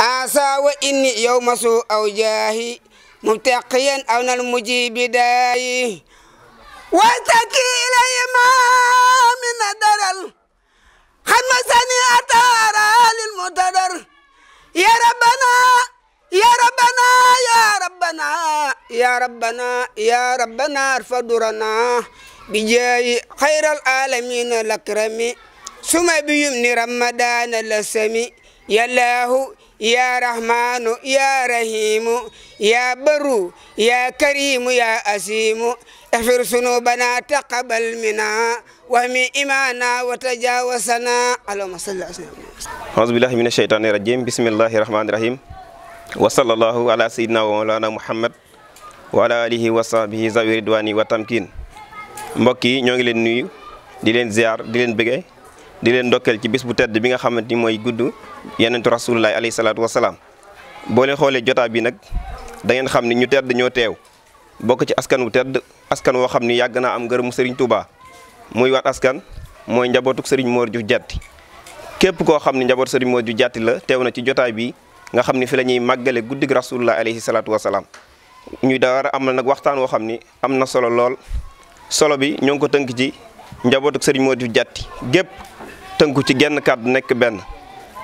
أسا وإني يوم سوء أو جاهي مبتقيا أو المجيب داي واتكي إلي ما من درل خمسني مسني أتارى للمتدر يا ربنا يا ربنا يا ربنا يا ربنا يا ربنا ارفع درنا بجاي خير العالمين الأكرم ثم بيمني رمضان لسمي يا الله يا رحمن يا رحيم يا بر يا كريم يا أسيم اغفر ذنوبنا تقبل منا واهمي إيمانا وتجاوزنا اللهم صل على سيدنا أعوذ بالله من الشيطان الرجيم بسم الله الرحمن الرحيم وصلى الله على سيدنا ومولانا محمد وعلى آله وصحبه ذوي الرضوان والتمكين mbokk yi ñoo ngi leen nuyu di leen ziar di leen bëggee di len dokkel ci bis bu tedd bi nga xamanteni moy guddu gudd rasulullah alayhi salatu wassalam bo leen xole jota bi nak da ngeen xamni ñu tedd ño tew bok ci askan wu tedd askan wo xamni yag na am ngeerum Serigne Touba muy wat askan moy njabotuk Serigne Mor jatti kep ko xamni njabot Serigne Mor jatti la tew na ci bi nga xamni fi lañuy magale màggale guddig rasulullah alayhi salatu wassalam ñu daara amal nak waxtaan wo xamni amna solo lol solo bi ñong ko teunk ci njabootuk sëriñ Modou Diouf Diatty gépp tënku ci genn kàddu nekk benn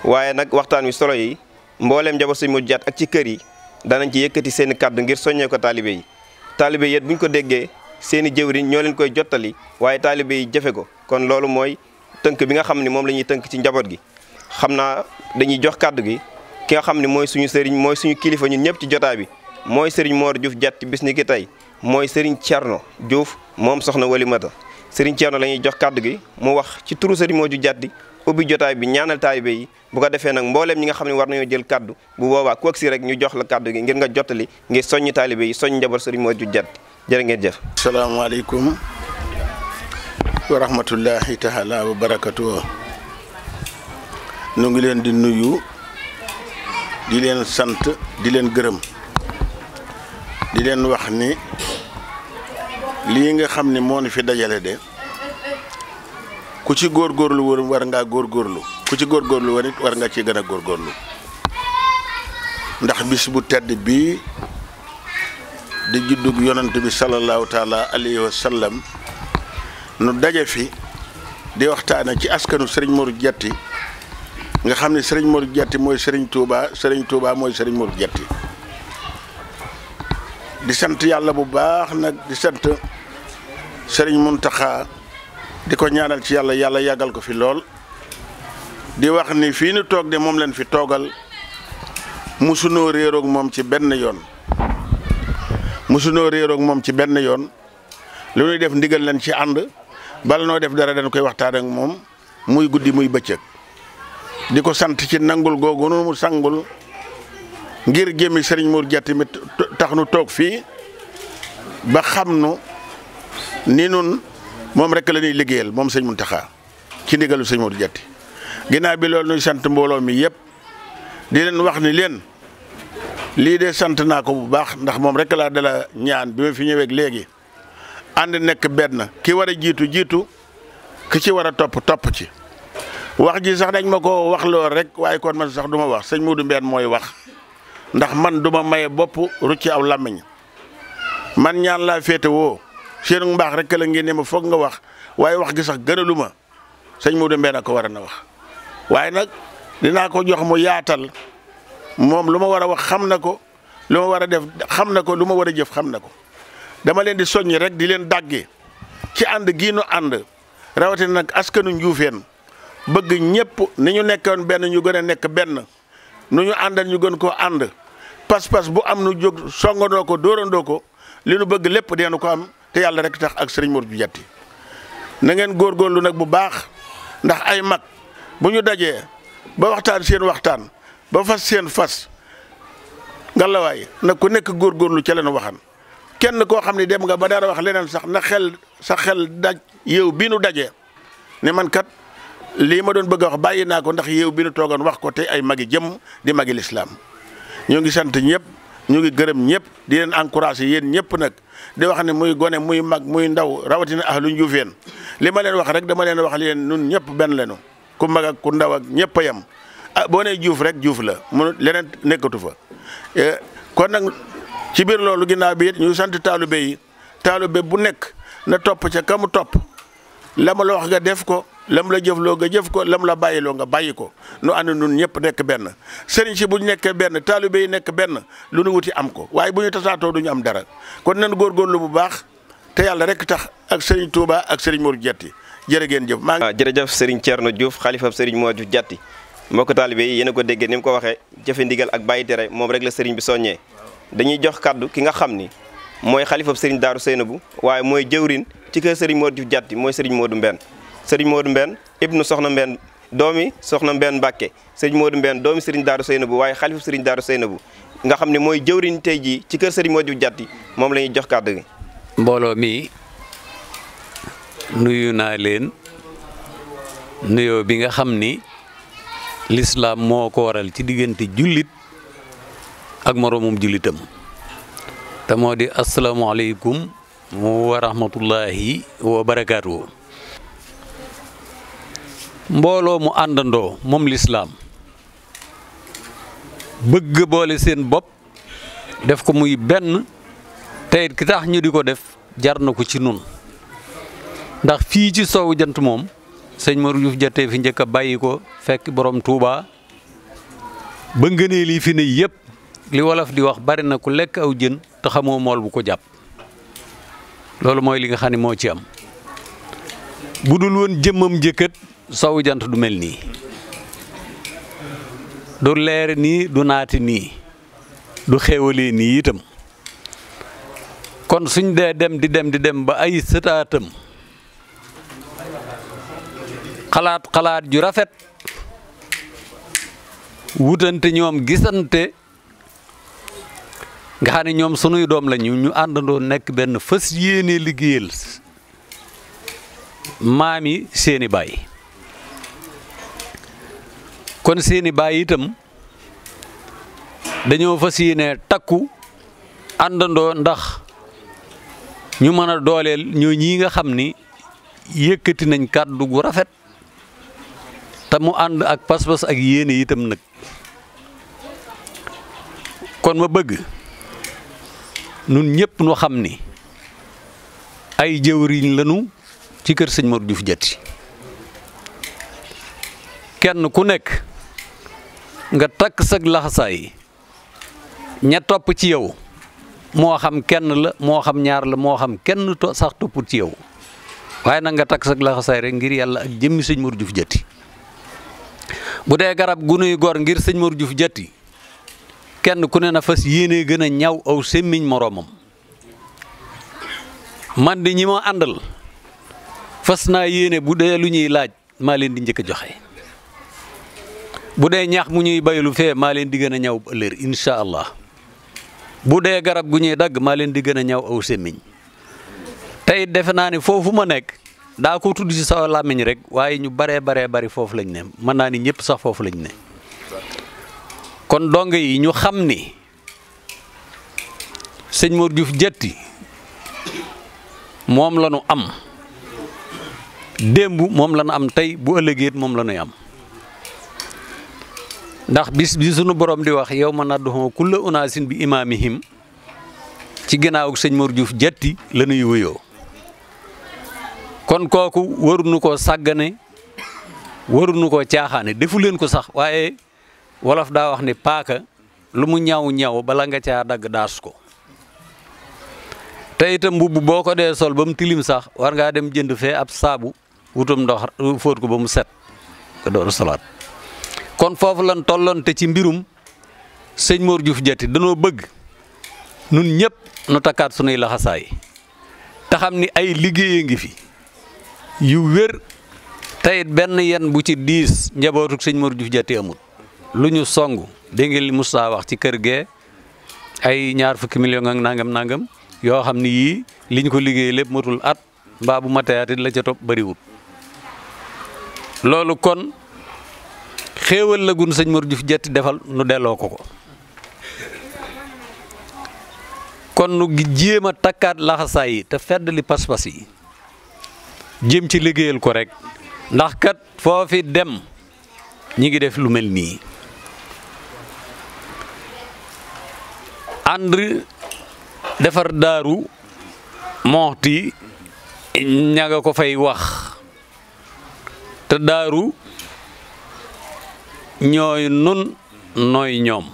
waaye nag waxtaan wi solo yi mbooleem njaboot sëriñ Modou Diouf Diatty ak ci kër yi danañ ci yëkkati seen i kàddu ngir soññee ko taalibe yi taalibe yi it buñ ko déggee seen i jëwriñ ñoo leen koy jottali waaye taalibe yi jëfe ko kon loolu mooy tënk bi nga xam ne moom la ñuy tënk ci njaboot gi xam naa dañuy jox kàddu gi ki nga xam ne mooy suñu sëriñ mooy suñu kilifa ñu ñëpp ci jotaa bi mooy sëriñ Mor Diouf Diatty bis ni ki tey mooy sëriñ Thierno Diouf moom soxna Walimata serigne Ceerno lañuy jox kàddu gi mu wax ci turu serigne moju jaddi ubi jotay bi ñaanal taalibe yi bu ko defé nak mbooleem ñi nga xamni war nañu jël kàddu bu boobaa ku agsi rek ñu jox la kàddu gi ngir nga jotali ngir soññ talibé yi soññ njabar serigne moju jaddi jërë ngeen assalamu alaykum wa rahmatullahi taala wa barakatuh nu ngi len di nuyu di len sant di len gërem di len wax ni lii nga xam ne moo ni fi dajale de ku ci góorgóorlu woon war ngaa góorgóorlu ku ci góorgóorlu woon it war nga ci gën a góorgóorlu ndax bis bu tedd bi di juddug yonant bi sallallahu taala alayhi wa sallam nu daje fi di waxtaane ci askanu sëriñ Modou Diatty nga xam ne sëriñ Modou Diatty mooy sëriñ Touba sëriñ Touba mooy sëriñ Modou Diatty di sant yalla bu baax nak di sant serigne Muntaxa di ñaanal ci yalla yalla yagal ko fi lol di wax ni fi nu tok de mom len fi musuno rero ak mom ci benn yoon rero ak mom ci ben yoon lu ñuy def ndigal len ci and bal no def dara den koy waxtaan ak mom muy guddii muy beccëk di ko sant ci nangul googu nu mu sangul ngir gemi serigne mour Dia mi taxnu nu fi ba xamnu nu ni nun mom rek lañuy ñuy liggéeyal moom sëñ Muntaxa ci ndigalu serigne mour Dia ginnaaw bi loolu nuy sant mbooloo mi yëpp di leen wax ni leen lii de sant naa ko bu baax ndax moom rek laa dala ñaan bi ma fi ñëweeg léegi ànd nekk benn ki war a jiitu jiitu ki ci war a topp topp ci wax ji sax dañ ma ko wax rek waaye kon man sax du ma wax sëñ Modou Mbène mooy wax ndax man duma maye bop rucci aw man ñaan la fété wo seen mbaax rek la ngeen ne ma foog nga wax waye wax gi sax gënalu ma sëñ mbé nak ko war na wax waye nak dina ko jox mu yaatal mom luma wara wax xam ko lu ma def xam ko lu ma jëf xam ko dama leen di soñi rek di leen daggé ci and gi nu and rawati nak askanu njufen bëgg ñëpp ni ñu nekkon ben ñu gëna nekk ben nu ñu andal ñu gën ko pas-pas bu am nu jog songandoo ko do ko li nu bëgg lépp deenu ko am te yalla rek tax ak serigne Mor jatti na ngeen lu nak bu baax ndax ay mag bu ñu dajee ba waxtaan seen waxtaan ba fas seen fas ngalawaay nag ku gor lu ci leen waxan kenn ko xamni dem nga ba dara wax leneen sax na xel sa xel daj yew bi nu ne man kat lima ma doon bëgg wax bayina ko ndax yew bi nu togon wax ko te ay magi jëm di magi l'islam ñu ngi sant ñëpp ñu ngi gërëm ñëpp di leen encouragé yéen ñëpp nag di wax ne muy gone muy mag muy ndaw rawatina ahlu Njuufeen li ma leen wax rek dama leen wax leen nun ñëpp benn lañu ku mag ku ndaw ak ñëpp a yem ah boo nee juuf rek juuf la mu leneen nekkatu fa e kon nag ci biir loolu ginnaaw bi it ñu sant taalube yi taalube bu nekk na topp ca kamu topp la ma la wax nga def ko lam la jëfloo nga jëf ko lamu la bàyyiloo nga bàyyi ko nu ànd nun ñëpp nekk benn sëriñ si bu ñu nekkee benn taalibe yi nekk benn lu nu wuti am ko waaye bu ñu tasaatoo du ñu am dara kon nan góorgóorlu bu baax te yàlla rek tax ak sëriñ Touba ak sëriñ Modou Diatty jërë ngeen jëf. waaw ah, jërëjëf sëriñ Thierno Diouf xalifab sëriñ Modou Diatty mbokk taalibe yi yéen a ko déggee ni mu ko waxee jëfe ndigal ak bàyyi tere moom rek la sëriñ bi soññee dañuy jox kàddu ki nga xam ni mooy xalifab sëriñ Daaru Seynabu waaye mooy jëwrin ci kër Serigne Modou jatti moy Serigne Modou mbenn Serigne Modou mbenn ibnu Soxna mbenn domi Soxna mbenn bakke Serigne Modou mbenn domi Serigne daru seynabu waye khalifu Serigne daru seynabu nga xamni moy mooy jëwriñ ci kër Serigne Modou jatti mom lañuy jox mbolo mi nuyu na len nuyo bi nga xamni l'islam moko waral ci digeenti julit ak moromum julitam warahmatullahi wabarakatuh wa mu andando mom l'islam bëgg boole seen bop def ko muy ben tayit ki tax ñu di ko def jar na ci nun ndax fi ci soowu jant mom señ Mor Diouf jatee fi njëkk bayiko fekk borom Touba ba ngeene li fi ne yëpp li wolof di wax bari na ku lek aw jën te xamoo mol bu ko japp loolu mooy li nga xam ne moo ci am bu dul woon jëmmam jëkkat sawu jant du mel nii du leer nii du naati nii du xéewalee nii itam kon suñ dee dem di dem di dem ba ay sëtaatam xalaat xalaat ju rafet wutante ñoom gisante nga xam ne ñoom sunuy doom lañu ñu àndandoo nekk benn fas yéenee liggéeyal maam yi seeni baay kon seeni baay itam dañoo fas yéenee takku àndandoo ndax ñu mën a dooleel ñoo ñi nga xam ni yëkkati nañ kàddu gu rafet te mu ànd ak pas-pas ak yéene itam nag kon ma bëgg nun ñepp nu xamni ay jëwriñ lañu ci kër señ Mor Diouf Diatty kenn ku nekk nga tak sag laxasaay ña top ci yow mo xam kenn la mo xam ñaar la mo xam kenn sax top ci yow nga tak sag laxasaay rek ngir yalla ak jëmm señ Mor Diouf bu dé garab gu nuy gor ngir señ Mor Diouf kenn ku ne na fas yéenee gën a ñaw aw semmiñ moroomam man di ñi ma àndal fas naa yéene bu dee lu ñuy laaj maa leen di njëkk joxe bu dee ñax mu ñuy baylu fee maa leen di gën a ñaw ëllër incha allah bu dee garab gu ñuy dagg maa leen di gën a ñaw aw semmiñ tey defe naa ne foofu ma nekk daa ko tudd ci sa làmmiñ rek waaye ñu baree baree bari foofu lañ ne mën naa ni ñëpp sax foofu lañ ne kon dong yi ñu xam ni sëñ Diouf jetti mom lañu am demu mom lañu am tay bu alegir moom la am ndax bis bi suñu borom di wax yow man adhu kullu unasin bi imamihim, ci ginnaaw seigne mour Diouf jetti lañu yoyo kon koku waru ñuko sagane waru ñuko tiaxane defu leen ko sax waye wolof da wax ni paaka lu mu ñaw ñaw bala nga ca dag daas ko tay itam bubu boko de sol bam tilim sax war nga dem jënd fe ab sabu wutum ndox foot ko bam set ko do salat kon fofu lan tollon te ci mbirum seigne Mor Diouf jetti bëgg nun ñëpp nu takkat sunuy la te ta ni ay liggéeye ngi fi yu wër tayit ben yen bu ci 10 njabootuk seigne Mor Diouf jetti amut luñu songu de dégg ngeen li Moussa wax ci kër ge ay ñaar fukk million ak nangam nangam yo xamni yi liñ ko liggéey lepp matul at mba bu matayati la ca bari wut lolu kon xewal la gun señ Mor Diouf defal nu delo ko ko kon nu jema takkat la laxasaay te fedd li pas pass yi jëm ci liggéeyal ko rek ndax kat fofi dem ñi ngi def lu melni Andri, defar daru, mohti ña ko fay wax te daru ñoy nun noy ñom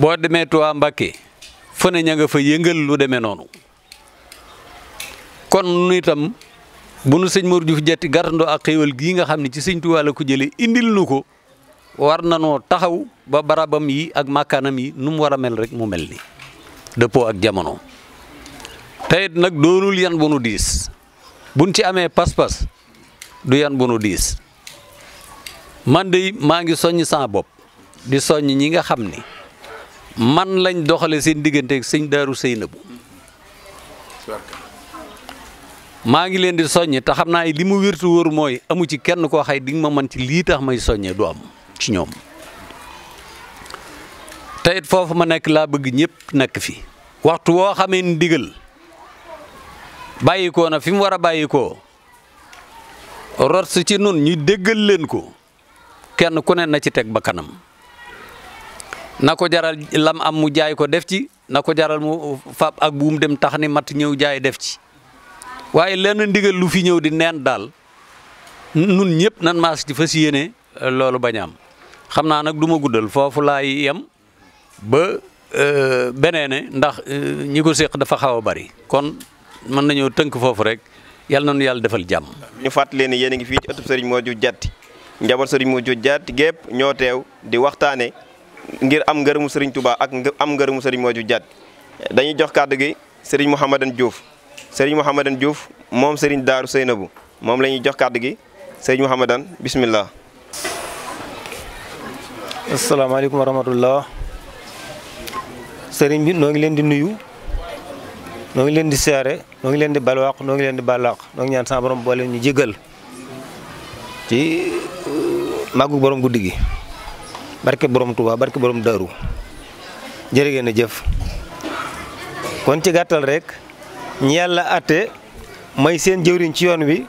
bo demé to fa yëngël lu demee nonu kon nu itam bu nu sëñ Mor jetti gardo ak xewal gi nga xamni ci señ ko jëlé indil nuko warna no taxaw ba barabam yi ak makanam yi num wara mel rek mu melni ni ak jamono tayit nak doonul yan bunu dis buñ ci amé pas-pas du yan bunu dis man de ma ngi soñi sa bop di soñi ñi nga xamni man lañ doxale seen digënté ak sëñ daru Seynabu ma ngi len di soñi ta xamna naa li mu wértu amu ci kenn ko xay di nga ma man ci li tax may soñé du am ci ñom tayit fofu ma nek la bëgg ñëpp nek fi waxtu xamé ni digël bayiko na fi mu war a ci nun ñu déggal leen ko kenn ku ne na ci tek bakanam nako jaral lam am mu jaay ko def ci na jaral mu fab ak buum dem tax ni mat ñew jaay def ci waye lenn ndigal lu fi ñew di neen dal nun ñepp nan mas ci fasiyene lolu bañam xam naa nag du ma guddal foofu laay yem ba euh, beneen ndax euh, ñi ko séq dafa xaw a bari kon mën nañoo tënk foofu rek yal na nu yàlla defal jàmm. ñu fàttali ne yéen a ngi fii ci ëttub Serigne Modou Diatty njaboot Serigne Modou Diatty gépp ñoo teew di waxtaane ngir am ngërëmu Serigne Touba ak am ngërëmu Serigne Modou Diatty dañuy jox kàddu gi Serigne Mouhamadane Diouf Serigne Mouhamadane Diouf moom Serigne Darou Seynabou moom la ñuy jox kàddu gi Serigne Mouhamadane bismillah. asalaamaaleykum wa rahmatullah sëriñ bi noo ngi leen di nuyu noo ngi leen di siyaare noo ngi leen di balwaaq noo ngi leen di balwaaq noo ngi ñaan sama borom boole ñu jégal ci uh, màggu borom guddigi gi barke borom Touba barke borom Daaru jërë ngeen a jëf kon ci gàttal rek ñi yàlla àtte may seen jëwriñ ci yoon wi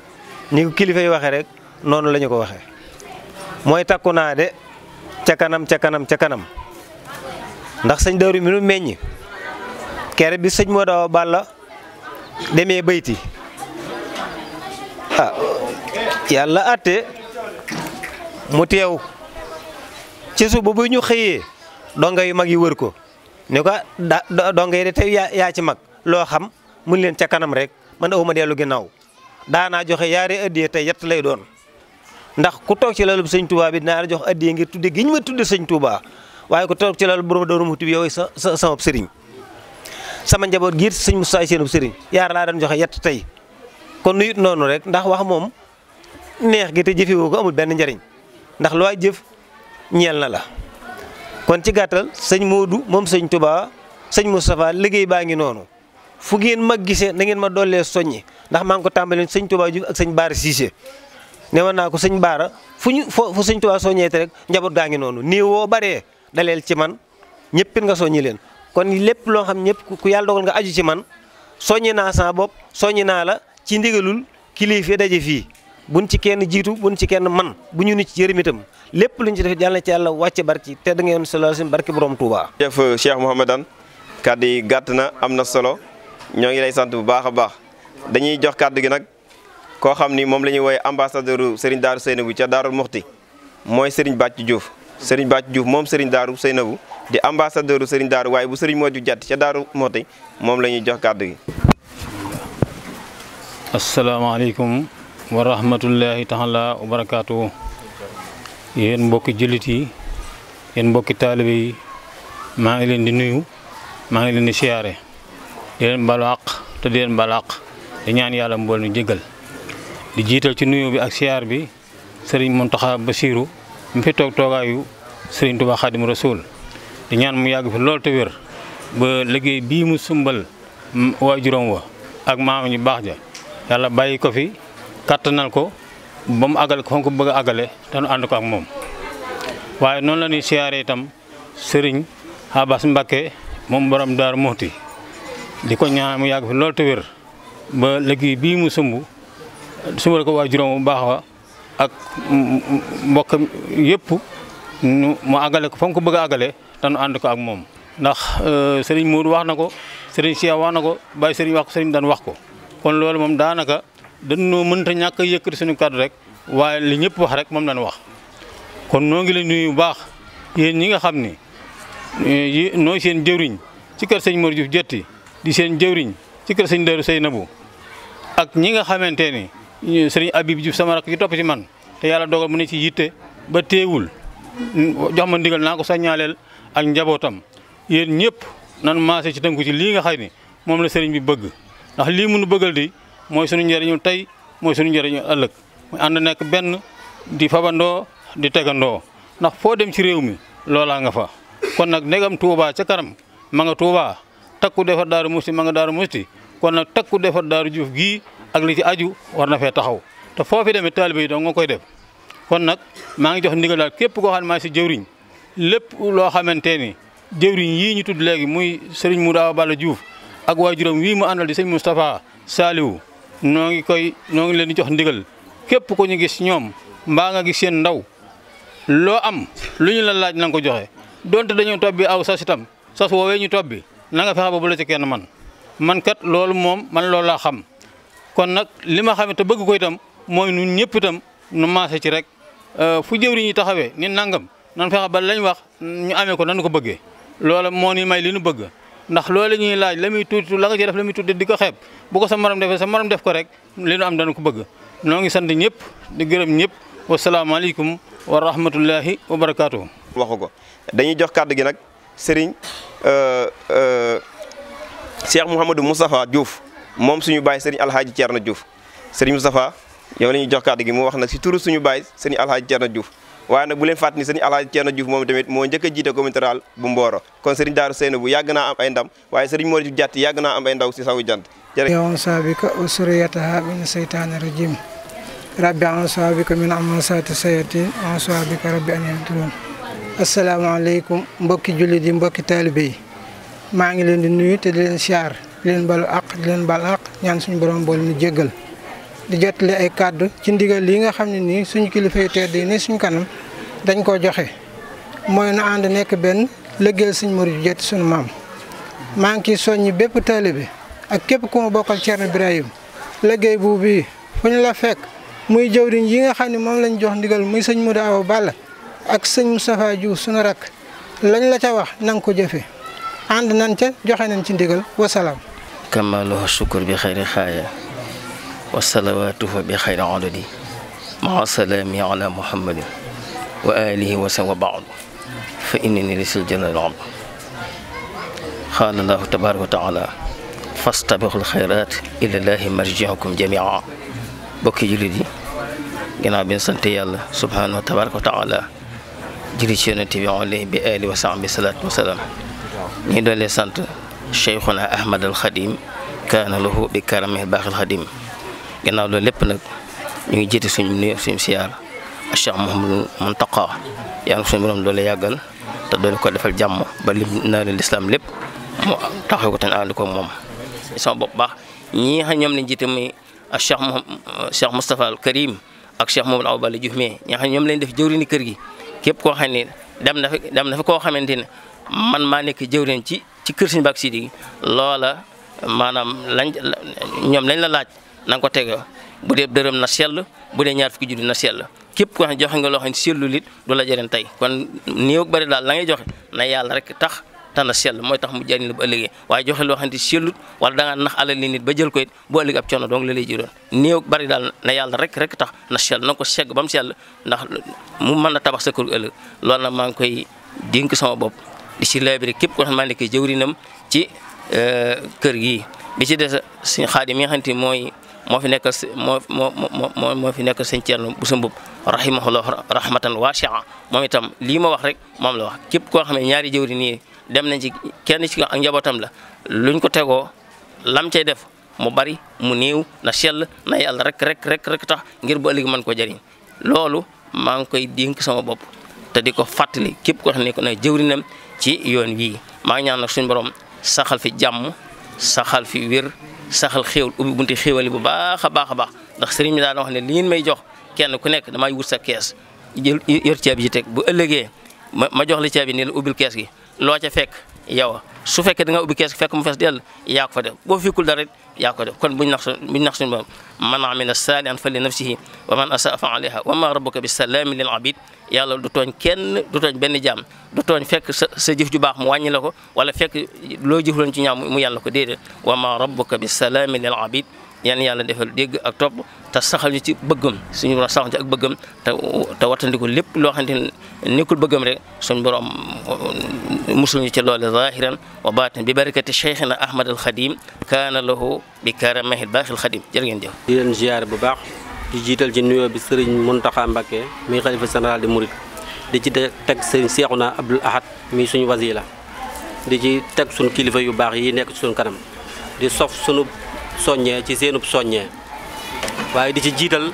ñu ko kilifa yi waxee rek noonu la ko waxe mooy takku de ca kanam ca kanam ca kanam ndax sëñ Daaru mi nu meññ kere bi sëñ moo daw Balla demee bayti ah yàlla àtte mu teew ci suba bu ñu xëyee donga yu mag yi wër ko ne ko da donga yi de tey yaa ci mag loo xam mun leen ca kanam rek man awuma dellu ginnaaw daanaa joxe yaari ëddee tey lay doon ndax ku toog ci lalub sëñ Touba bi dinaa la jox addiya ngir tudde gi ñu ma tudde sëñ Touba waaye ku toog ci lalub borom Daaru Muxti bi yow sa sa sama sëriñ sama njaboot gi it sëñ Moussa seenub sëriñ laa doon joxe yett tey kon nuyut noonu rek ndax wax moom neex gi te ko amul benn njariñ ndax looy jëf ñeel la kon ci gàttal sëñ Modou moom sëñ Touba sëñ liggéey baa ngi noonu fu ngeen mag gisee na ngeen ma doolee soññi ndax maa ngi ko tàmbalee sëñ Touba Diouf ak sëñ Baara Cissé newoon naa ko sëñ baara fu ñu fo fu sëñ Tuubaa soññeete rek njaboot gaa ngi noonu nii woo baree daleel ci man ñëpp nga soññi leen kon lépp loo xam ñëpp ku yàlla dogal nga aju ci man soññi naa sa bopp soññi naa la ci ndigalul kilifa daje fii buñ ci kenn jiitu buñ ci kenn man bu ñu nit ci yërëm itam lépp luñ ci def yàlla ci yàlla wàcce barki te da ngeen solo seen barki borom Touba. chef Cheikh Mouhamadane kàddu yi gàtt na am na solo ñoo ngi lay sant bu baax a baax dañuy jox kàddu gi nag koo xam ni moom la ñuy woowe ambassadeur Serigne Darou Seynabou ca Darou Moxti mooy sëriñ Bàcc Diouf sëriñ Bàcc Diouf moom sëriñ daaru Seynabou di ambassadeur sëriñ daaru waaye bu sëriñ Serigne Modou Diatt ca daaru Moxti moom la ñuy jox kàddu gi. asalaamaaleykum wa rahmatullahi taala wa barakaatu. yéen mbokki jullit yi yéen mbokki taalibe yi maa ngi leen di nuyu maa ngi leen di siyaare di leen balaax te di leen balaax di ñaan yàlla mbool ñu jégal di jital ci nuyu bi ak siar bi serigne Mountakha basiru mi fi tok toogaayu serigne Touba Khadim Rasoul di ñaan mu yag fi lol te wér ba liggey bi mu sumbal wajurom wa ak maam ñu bax ja yalla bayyi ko fi kattanal ko bam agal ko ko bëgg agalé àggale and ko ak mom waye non la ni siaré tam serigne habas Mbacké mom borom dar muhti diko ñaan mu yag fi lol te wér ba liggey bi mu sumbu suma ko waa juróom bu baax wa ak mbokk yëpp nu mu àggale ko fa mu ko bëgg a àggale dañu ànd ko ak moom. ndax euh, sëriñ Mourou wax na ko sëriñ Cheikh wax na ko Baye sëriñ wax ko sëriñ daan wax ko kon loolu moom daanaka dañoo mënta ñàkk a yëkkati suñu kàddu rek waaye li ñëpp wax rek moom lañu wax. kon noo ngi leen nuyu bu baax yéen ñi nga xam ni nooy seen jëwriñ ci kër sëñ Mor Diouf Diatty di seen jëwriñ ci kër sëñ Darou Seynabou ak ñi nga xamante ni. sëriñ Habib Diouf sama rakk ci topp ci man te yàlla dogal mu ne ci yitte ba teewul jox ma ndigal naa ko saññaaleel ak njabootam yéen ñëpp nan maase ci tënku ci lii nga xay ni moom la sëriñ bi bëgg ndax lii mënu bëggal di mooy suñu njëriñu tey mooy suñu njëriñu ëllëg mu ànd nekk benn di fabandoo di tegandoo ndax foo dem ci réew mi loolaa nga fa kon nag ndegam Touba ca kanam ma nga Touba takku defar daaru musti manga nga daaru musti kon nag takku defar daaru ak li ci aju war na fee taxaw te foofi demee taalibe yi dong nga koy def kon nag maa ngi jox ndigal daal képp koo xam ne maa si jëwriñ lépp loo xamante ni jëwriñ yii ñu tudd léegi muy sëriñ mu Awa Balla Diouf ak waajuram wii mu àndal di sëñ Moustapha Saliou noo ngi koy noo ngi leen di jox ndigal képp ko ñu gis ñoom mbaa nga gis seen ndaw loo am lu ñu la laaj na ko joxe donte dañoo tobbi aw sas itam sas woowee ñu tobbi na nga fexe ba bu la ci kenn man man kat loolu moom man loolu laa xam kon nag li ma xamee te bëgg ko itam mooy ñun ñëpp itam nu maase ci rek euh, fu jëwriñ yi taxawee ni nangam nan fexe ba lañ wax ñu amee ko nan ko bëggee loola moo ni may li nu bëgg ndax loola ñuy laaj la muy tuuti la nga ci def la muy tuuti di ko xeeb bu ko sa morom defee sa morom def ko rek li nu am dana ko bëgg noo ngi sant ñëpp di gërëm ñëpp wasalaamaaleykum wa rahmatullahi wa barakaatu. waxu ko dañuy jox kàddu gi nag sëriñ Serigne euh, euh, Cheikh Mouhamadou Moustapha Diouf. moom suñu baay sëriñ alhaaji na Diouf sëriñ safaa yow la ñuy jox kàddu gi mu wax nag si turu suñu baay sëriñ alhaaji Thierno Diouf waaye nag bu leen fàttali ni sëriñ alhaaji Thierno Diouf moom tamit moo njëkk a jiite communauté rurale bu Mboro kon sëriñ Daaru Seyna bu yàgg naa am ay ndam waaye sëriñ Modou jat yàgg naa am ay ndaw si sawu jant jërëjëf saabika usuriyataha min seytaani rajim rabbi ansabika min amasati sayatin ansabika rabbi an yahdurun asalaamaaleykum mbokki jullit yi mbokki taalibe yi maa ngi leen di nuyu te di di bal ak àq bal ak ñaan suñu borom bo jéggal di jottali ay kàddu ci ndigal li nga xamni ni suñu kilifa yu tedd ni suñu kanam dañ ko joxé moy na and nek ben leggel suñu murid jott suñu mam maa ngi soñu bép talibé ak képp ku ma bokal Thierno ibrahim leggey bu bi fuñ la fekk muy jëwriñ yi nga xamni mom lañ jox ndigal muy suñu Modou awo bal ak suñu Moustapha ju suñu rak lañ la ca wax nang ko jëfé and nan ca joxé nan ci ndigal salam كما له الشكر بخير خايا وصلواته بخير عددي مع سلامي على محمد وآله وسوى بعض فإنني رسل جل العمر قال الله تبارك وتعالى فاستبقوا الخيرات إلى الله مرجعكم جميعا بكي جلدي جنا بن سنتي الله سبحانه وتبارك وتعالى جلدي شنتي بعلي بآله وسعى بصلاة وسلام ندولي سنتي cheikhuna ahmad al xadim kaana lahu bi karamil baaxil xadim gannaaw loolu lépp nag ñu ngi jiite suñu nuyu suñu siyaar cheikh mohamadul muntaqa yàlla suñu borom doole yàggal te doole ko defal jàmm ba lim naa leen lislaam lépp mu taxaw ko te ànd ko moom sama bopp baax ñii xam ñoom lañ jiite muy cheikh cheikh moustapha al karim ak cheikh mohamadou aw balla juhmee ñi xam ñoom lañ def jëwriñu kër gi képp koo xam ne dem na fi dem na fi koo xamante ne man maa nekk jëwriñ ci ci kër Serigne Mbacké Sidy gi loola maanaam lañ ñoom lañ la laaj na nga ko tege bu dee dërëm na sell bu dee ñaar fukki junni na sell képp koo joxe nga loo xam ne sellul it du la jëriñ tey kon néew bari daal la ngay joxe na yàlla rek tax te na sell mooy tax mu jëriñ la bu waaye joxe loo xam ne wala da nax alal nit ba jël ko it bu ëllëgee ab coono lay juróon néew bari daal na yàlla rek rek tax na sell na ko segg ba mu sell ndax mu mën a tabax sa kër ëllëg loolu nag maa ngi koy dink sama bopp di ci laabire kep ko xamane ke jeewrinam ci ci keur gi bi ci dess seigne khadim yi xanti moy mo fi nekkal mo mo mo fi nek seigne Thierno bu rahimahullah rahmatan wasia mom itam li ma wax rek mom la wax kep ko xam ñaari jëwri nii dem nañ ci kenn ci ak njabotam la luñ ko teggo lam cey def mu bari mu néew na sel na yalla rek rek rek rek tax ngir bo ligi man ko jariñ loolu mang koy denk sama bop te diko fatali kep ko xamne ko na jeewrinam ci yoon wii maa ngi ñaan nag borom saxal fi jàmm saxal fi wér saxal xéewal ubbi bunti xéewali bu baax a baax a baax ndax sëriñ bi daal wax ne li ngeen may jox kenn ku nekk damay wut sa kees jël ceeb caabi ji teg bu ëllëgee ma jox la caabi nii la ubbil kees gi loo ca fekk yow su fekke da nga ubi kess fekk mu fess del ya ko fa def boo fekkul dara it yaa ko def kon buñ nax buñ nax suñu mom man amila saalihan fa li nafsihi wa man asa fa alayha wa ma rabbuka bisalam lil abid yàlla du togn kenn du togn ben jam du togn fekk sa sa jëf ju bax mu wañi lako wala fekk lo loo lon ci ñam mu yàlla ko dede wa ma rabbuka bisalam lil abid yal na yàlla defal dégg ak topp te saxal ñu ci bëggam suñu borom saxal ñu ci ak bëggam te te wattandiku lépp loo xamante ne nekkul bëggam rek suñu borom musul ñu ci loole zahiran wa batin bi barakati cheikhina ahmad al xadim kaana lahu bi karamahi baaxil xadim jërë ngeen jëf di leen ziar bu baax di jiital ci nuyoo bi sëriñ Muntaxa Mbakke muy xalifa général de Mouride di ci teg sëriñ Seexuna Abdul Ahad mi suñu wasila di ci teg suñu kilifa yu baax yi nekk suñu kanam di sof suñu soñé ci seenub soñé waye di ci jital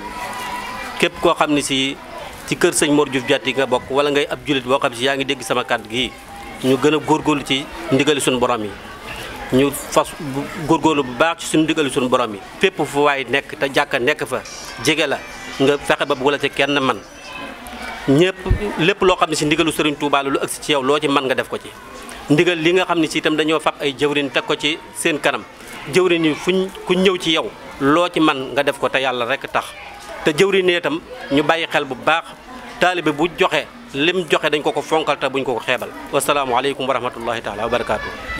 kep ko xamni ci si ci kër sëñ Mor Diouf jatti nga bok wala ngay ab julit bo xam ci yaangi dégg sama kat gi ñu gëna gorgol ci ndigal suñu borom yi ñu fas gorgol bu baax ci suñu ndigal suñu borom yi fépp fu way nekk ta jàkka nekk fa jégué la nga fexé ba bu la ci kenn man ñepp lepp lo xamni ci si ndigalu sëriñ Touba lu ëgsi ci yow lo ci man nga def ko ci ndigal li nga xamni ci si dañoo ay jëwrin tak ko ci seen kanam jëwriñ yi fuñ ku ñëw ci yow loo ci man nga def ko te yàlla rek tax te jëwriñ yi itam ñu bàyyi xel bu baax taalibe bu joxe lim joxe dañ ko ko fonkal te buñ ko ko xeebal wasalaamualeykum wa rahmatullahi taala wa barakaatu.